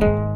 thank you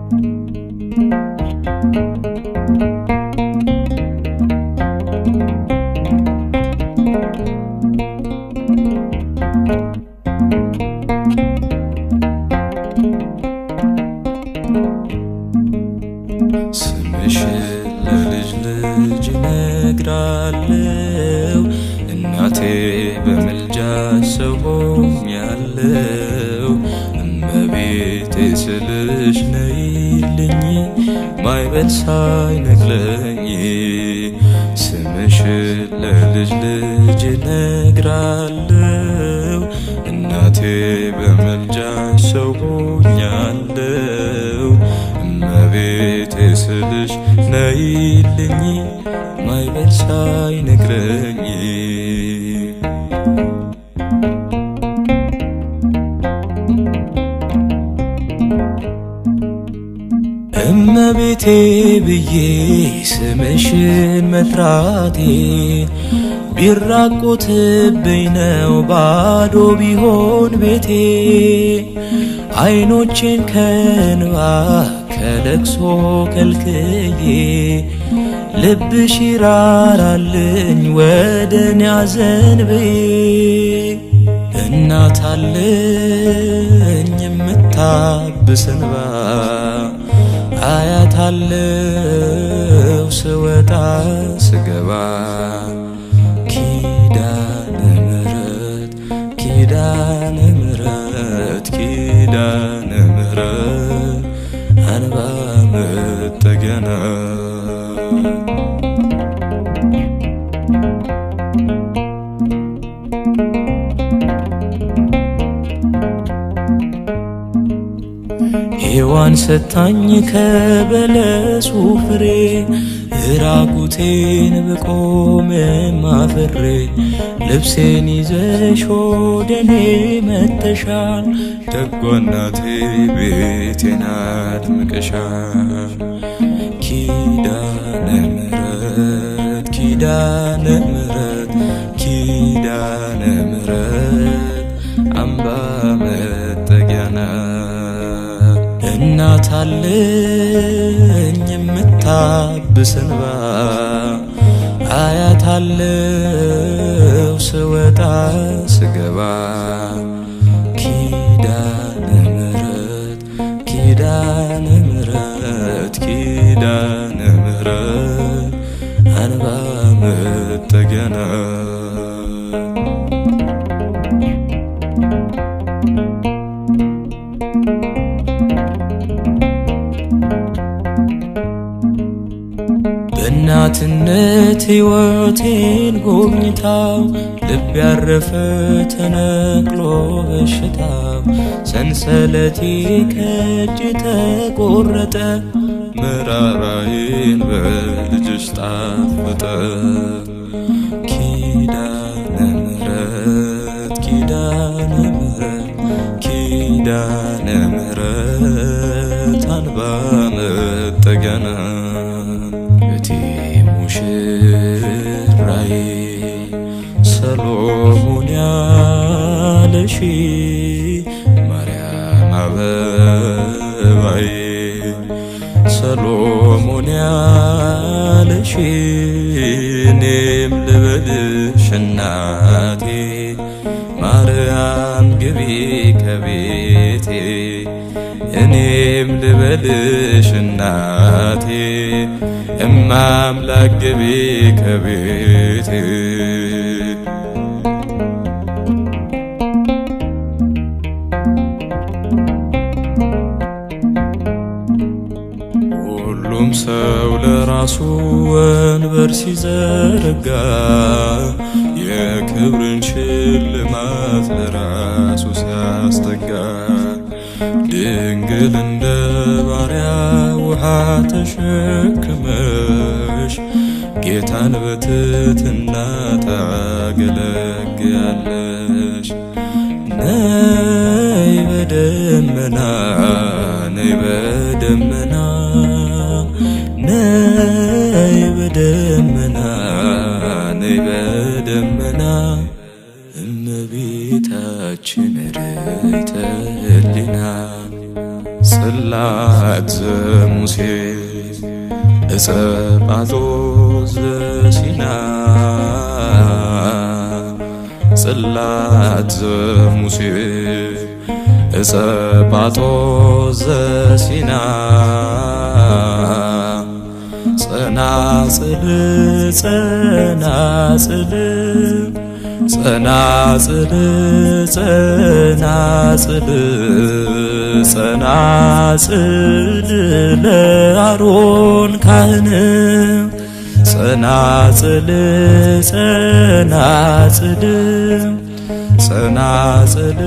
ስምሽን መጥራቴ ቢራቆትብኝ ነው ባዶ ቢሆን ቤቴ አይኖቼን ከንባ ከለቅሶ ከልክዬ ልብሽ ይራራልኝ ወደን ያዘን አዘንብዬ እናት አለኝ አያታለው ስወጣ ስገባ ኪዳነ ምሕረት ኪዳነ ምሕረት ኪዳነ ምሕረት አንባ መጠጊያ እንኳን ሰታኝ ከበለሱ ፍሬ ራቁቴን ብቆምም አፍሬ ልብሴን ይዘሽ ወደኔ መተሻል ደጓ እናቴ ቤቴን አድምቀሻል ኪዳነ ምሕረት ኪዳነ አያታለኝ የምታብስንባ አያታለው ስወጣ ስገባ ኪዳነ ምሕረት ኪዳነ ምሕረት ኪዳነ ምሕረት አንባ መጠገና ሕይወቴን ጎብኝታው ልብ ያረፈ ተነቅሎ በሽታው ሰንሰለቴ ከእጅ ተቆረጠ መራራዬን በልጅሽ ጣፈጠ ኪዳነ ምሕረት ኪዳነ ምሕረት ኪዳነ ምሕረት መጠገና ጾሙን ያለሽ ማርያም አበባዬ ሰሎሞን ያለሽ እኔም ልበልሽ እናቴ ማርያም ግቢ ከቤቴ እኔም ልበልሽ እናቴ እማምላክ ግቢ ከቤቴ ሰው ለራሱ ወንበር ሲዘረጋ የክብርን ሽልማት ለራሱ ሲያስጠጋ ድንግል እንደ ባሪያ ውሃ ተሸክመሽ ጌታን በትትና ታገለግያለሽ። ነይ በደመና ነይ በደመና ነይ በደመና ነይ በደመና እመቤታችን ርይተ ህሊና ጽላት ዘሙሴ እፀ ጳጦስ ዘሲና ጽላት ዘሙሴ እፀ ጳጦስ ዘሲና ጸናጽል ጸናጽል ጸናጽል ጸናጽል ጸናጽል ለአሮን ካህን ጸናጽል ጸናጽል ጸናጽል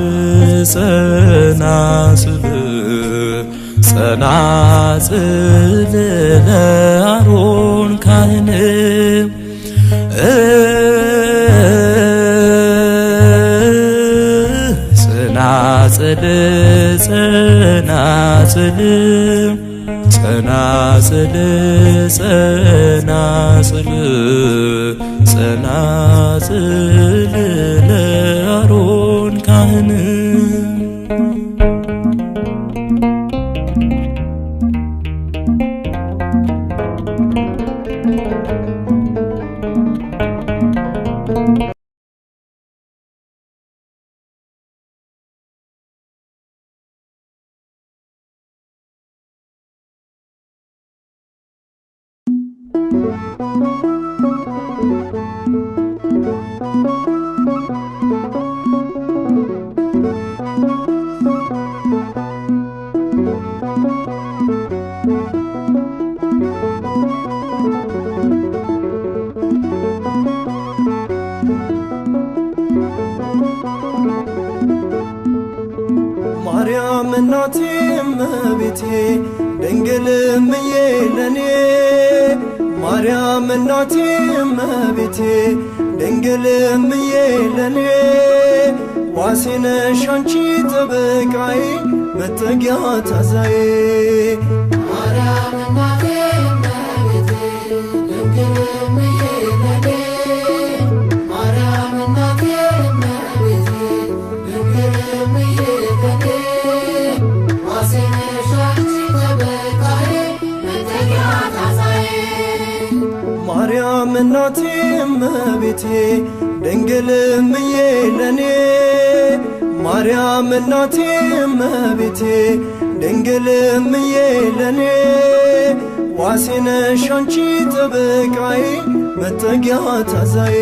ጸናጽል ጸናጽል ለአሮን ካህን ጸናጽል ጸናጽል ጸናጽል ጸናጽል ጸናጽል እናቴ ድንግል እምዬ ለኔ ማርያም እናቴ እመቤቴ ድንግል እምዬ ለኔ ዋሴ ነሽ አንቺ ጥበቃዬ መጠጊያ ታዛዬ መድኃኒቴ ድንግልም እዬ ለኔ ማርያም እናቴ እመቤቴ ድንግልም እዬ ለኔ ዋሴነሽ አንቺ መጠጊያ ታዛዬ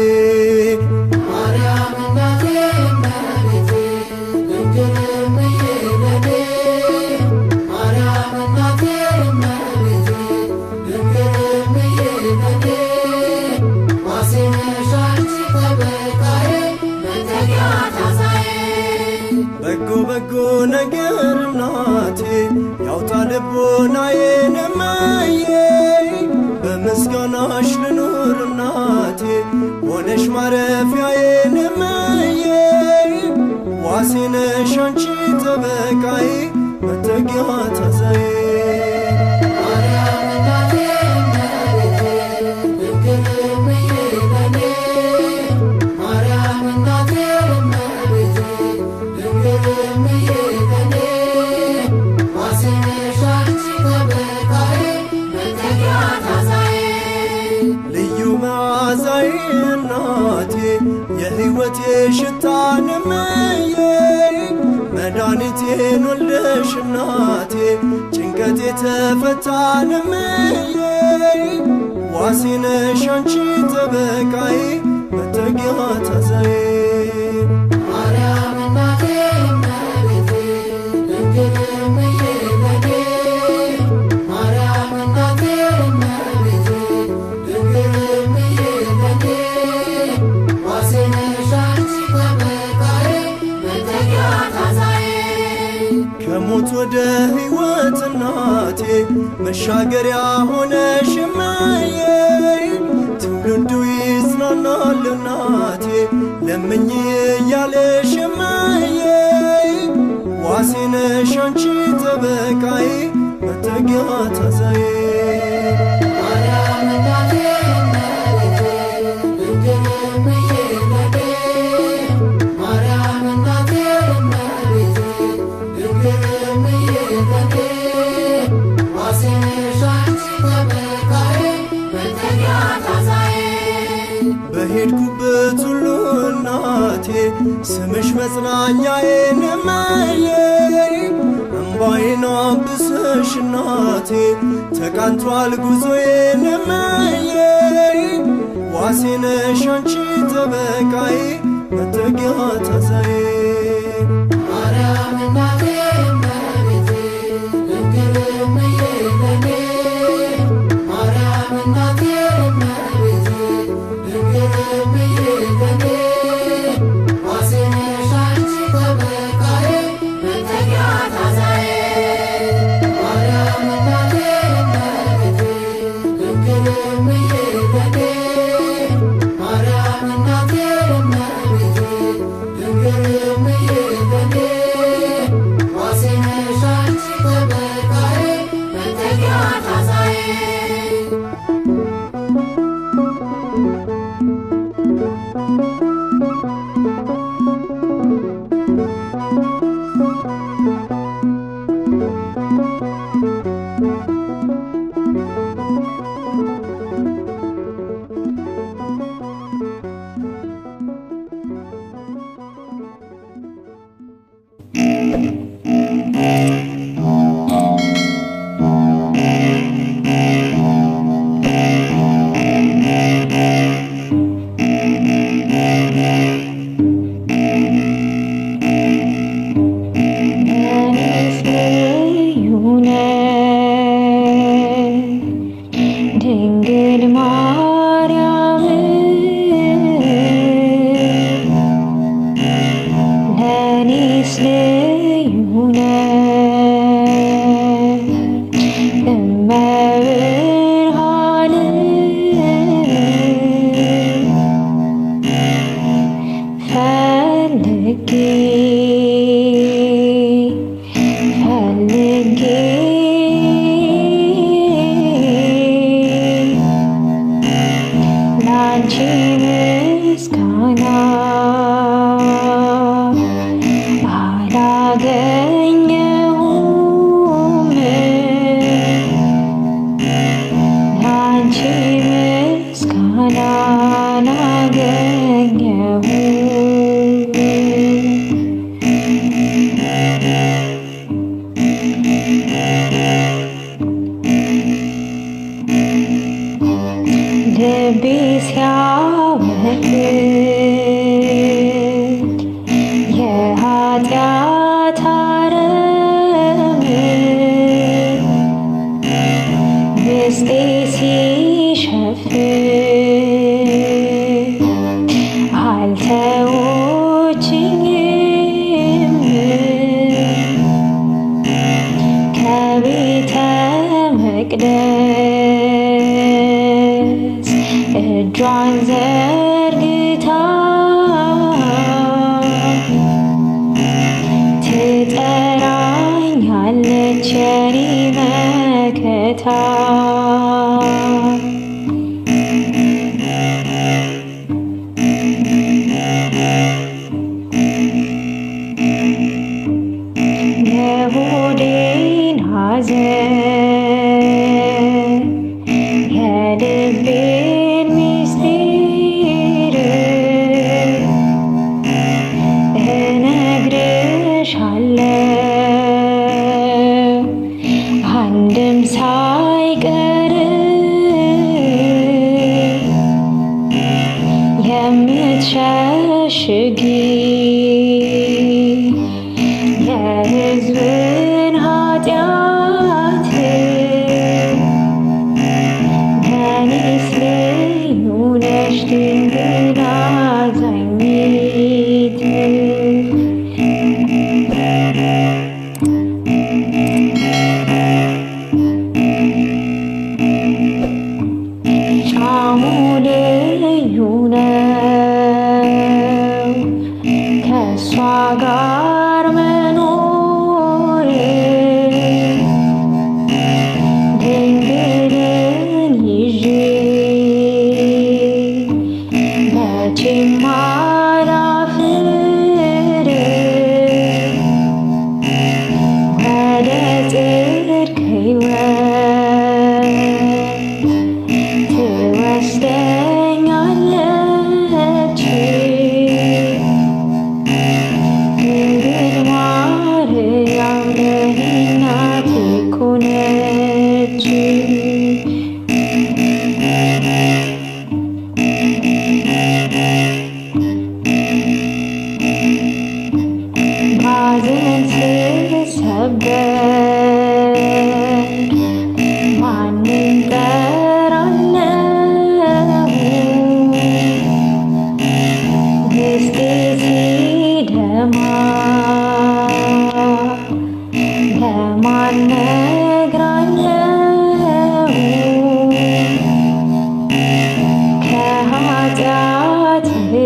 تزين ተፈታንም ዋሲነሽ አንቺ ተበቃይ መጠጊያ ታዛዬ ከሞት ወደ መሻገሪያ ሆነ ሽመዬ ትውልዱ ይጽናናል እናቴ ለምኝ ያለ ሽመዬ ዋሴነ አንቺ ተበቃይ መጠጊያ ታዛዬ መጽናኛዬን መጽናኛ እምባዬን አብሰሽ እናቴ ተቃንቷል ጉዞ መለይ ዋሴነሽ አንቺ ጠበቃዬ መጠጊያ ታዛዬ Yeah. Anästhesie schaffe. me.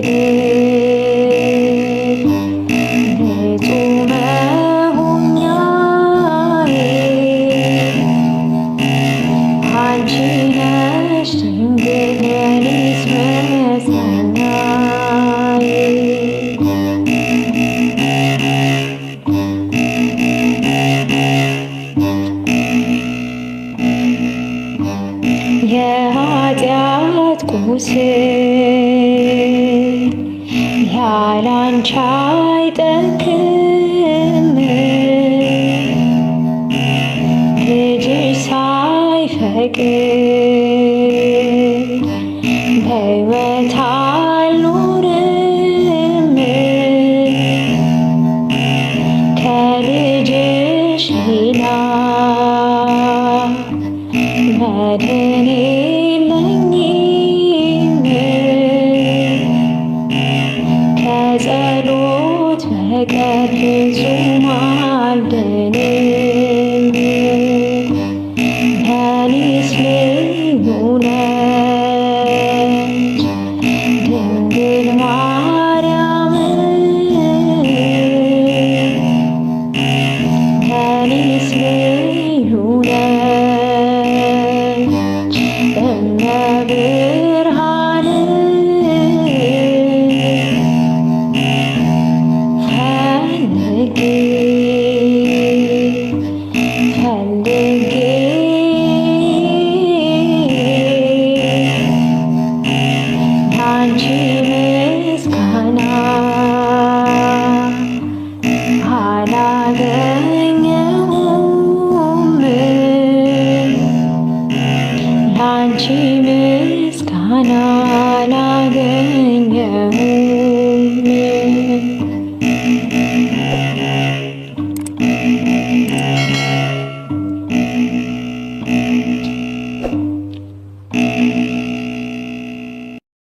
रे አይጠቅም ልጅ ሳይፈቅድ